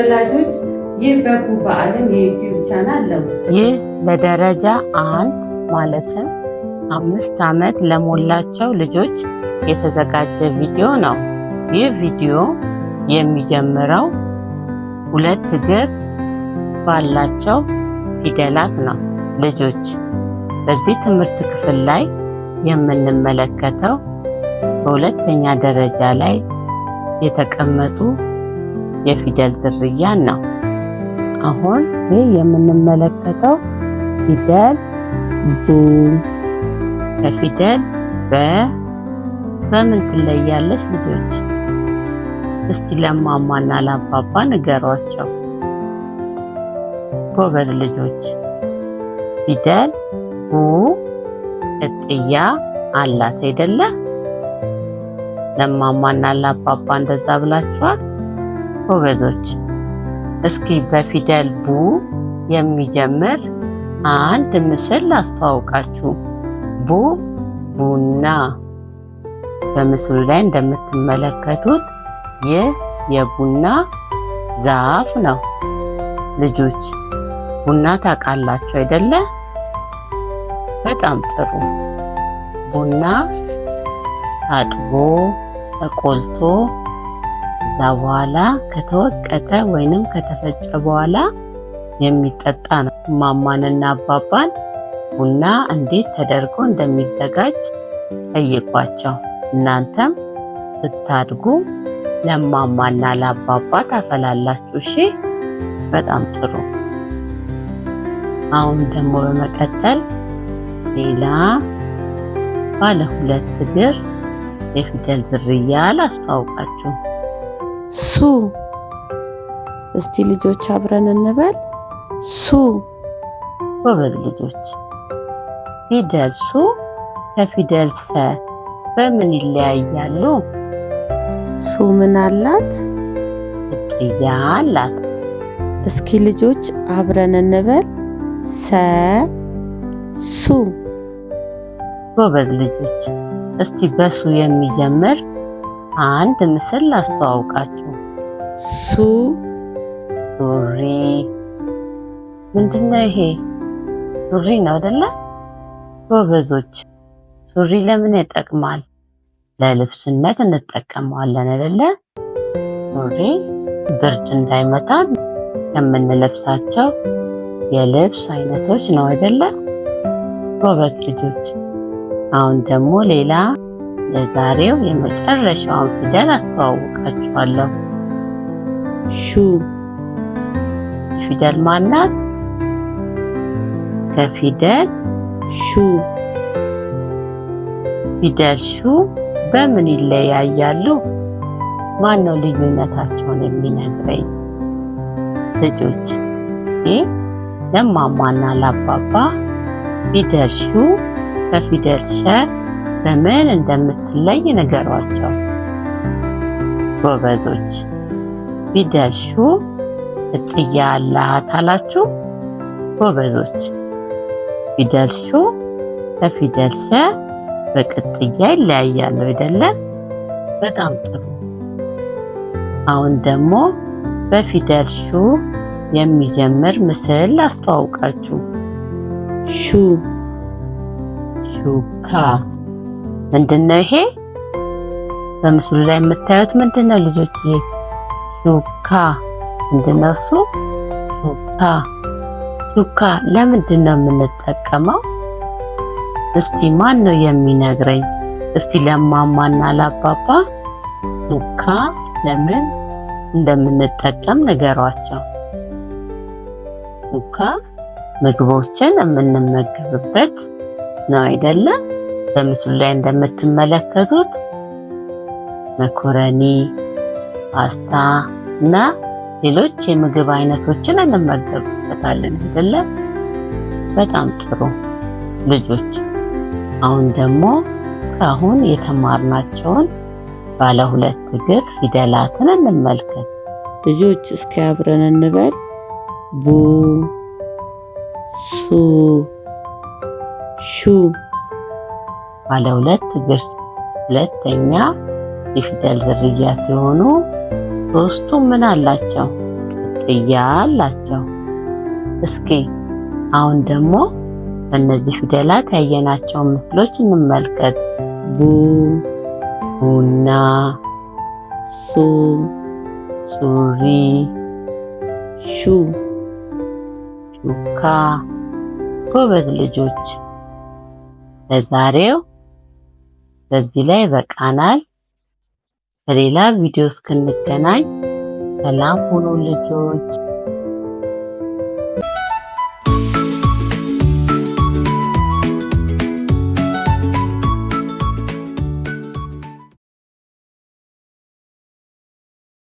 ወላጆች ይህ በኩ በዓለም የዩቲዩብ ቻናል ነው። ይህ በደረጃ አንድ ማለትም አምስት ዓመት ለሞላቸው ልጆች የተዘጋጀ ቪዲዮ ነው። ይህ ቪዲዮ የሚጀምረው ሁለት እግር ባላቸው ፊደላት ነው። ልጆች በዚህ ትምህርት ክፍል ላይ የምንመለከተው በሁለተኛ ደረጃ ላይ የተቀመጡ የፊደል ዝርያ ነው። አሁን ይህ የምንመለከተው ፊደል ቡ ከፊደል በ በምን ትለያለች? ልጆች እስቲ ለማማና ለአባባ ንገሯቸው። ጎበዝ ልጆች። ፊደል ቡ ቅጥያ አላት አይደለ? ለማማና ለአባባ እንደዛ ብላችኋል። ጎበዞች እስኪ በፊደል ቡ የሚጀምር አንድ ምስል ላስተዋውቃችሁ። ቡ ቡና። በምስሉ ላይ እንደምትመለከቱት ይህ የቡና ዛፍ ነው። ልጆች ቡና ታውቃላችሁ አይደለ? በጣም ጥሩ። ቡና አጥቦ፣ ተቆልቶ በኋላ ከተወቀጠ ወይንም ከተፈጨ በኋላ የሚጠጣ ነው። እማማንና አባባን ቡና እንዴት ተደርጎ እንደሚዘጋጅ ጠይቋቸው። እናንተም ስታድጉ ለማማና ለአባባ ታፈላላችሁ። እሺ፣ በጣም ጥሩ። አሁን ደግሞ በመቀጠል ሌላ ባለ ሁለት እግር የፊደል ዝርያ ላስተዋውቃችሁ። ሱ እስቲ ልጆች አብረን እንበል ሱ። ጎበዝ ልጆች፣ ፊደል ሱ ከፊደል ሰ በምን ይለያያሉ? ሱ ምን አላት? እቅያ አላት። እስኪ ልጆች አብረን እንበል ሰ ሱ። ጎበዝ ልጆች፣ እስቲ በሱ የሚጀምር አንድ ምስል ላስተዋውቃችሁ። ሱ ሱሪ ምንድነው ይሄ? ሱሪ ነው አይደለ? ጎበዞች። ሱሪ ለምን ይጠቅማል? ለልብስነት እንጠቀመዋለን አይደለ? ሱሪ ብርድ እንዳይመታ ከምንለብሳቸው የልብስ አይነቶች ነው አይደለ? ጎበዝ ልጆች። አሁን ደግሞ ሌላ ለዛሬው የመጨረሻውን ፊደል አስተዋውቃችኋለሁ። ሹ ፊደል ማናት? ከፊደል ሹ ፊደል ሹ በምን ይለያያሉ? ማን ነው ልዩነታቸውን የሚነግረኝ? ልጆች ይ ለማማና ላባባ ፊደል ሹ ከፊደል ሸ በምን እንደምትለይ ነገሯቸው ጎበዞች። ቢደሹ እጥያ አላት አላችሁ ጎበዞች። ፊደልሹ ከፊደል በቅጥያ ይለያያሉ አይደለ? በጣም ጥሩ። አሁን ደግሞ በፊደልሹ የሚጀምር ምስል አስተዋውቃችሁ። ሹ ሹካ ምንድነው ይሄ? በምስሉ ላይ የምታዩት ምንድነው ልጆች? ዱካ እንደነሱ ሱካ ዱካ ለምንድን ነው የምንጠቀመው? እስቲ ማን ነው የሚነግረኝ? እስቲ ለማማና ላባባ ዱካ ለምን እንደምንጠቀም ንገሯቸው። ዱካ ምግቦችን የምንመገብበት ነው አይደለም? በምስሉ ላይ እንደምትመለከቱት መኮረኒ ፓስታ እና ሌሎች የምግብ አይነቶችን እንመገብበታለን አይደለ? በጣም ጥሩ ልጆች። አሁን ደግሞ ከአሁን የተማርናቸውን ባለ ሁለት እግር ፊደላትን እንመልከት ልጆች። እስኪ አብረን እንበል ቡ ሱ ሹ። ባለ ሁለት እግር ሁለተኛ የፊደል ዝርያ ሲሆኑ ሶስቱ ምን አላቸው? ቅጥያ አላቸው። እስኪ አሁን ደግሞ በእነዚህ ፊደላት ያየናቸውን ምስሎች እንመልከት። ቡ ቡና፣ ሱ ሱሪ፣ ሹ ሹካ። ጎበዝ ልጆች፣ ለዛሬው በዚህ ላይ በቃናል። በሌላ ቪዲዮ እስክንገናኝ ሰላም ሁኑ ልጆች።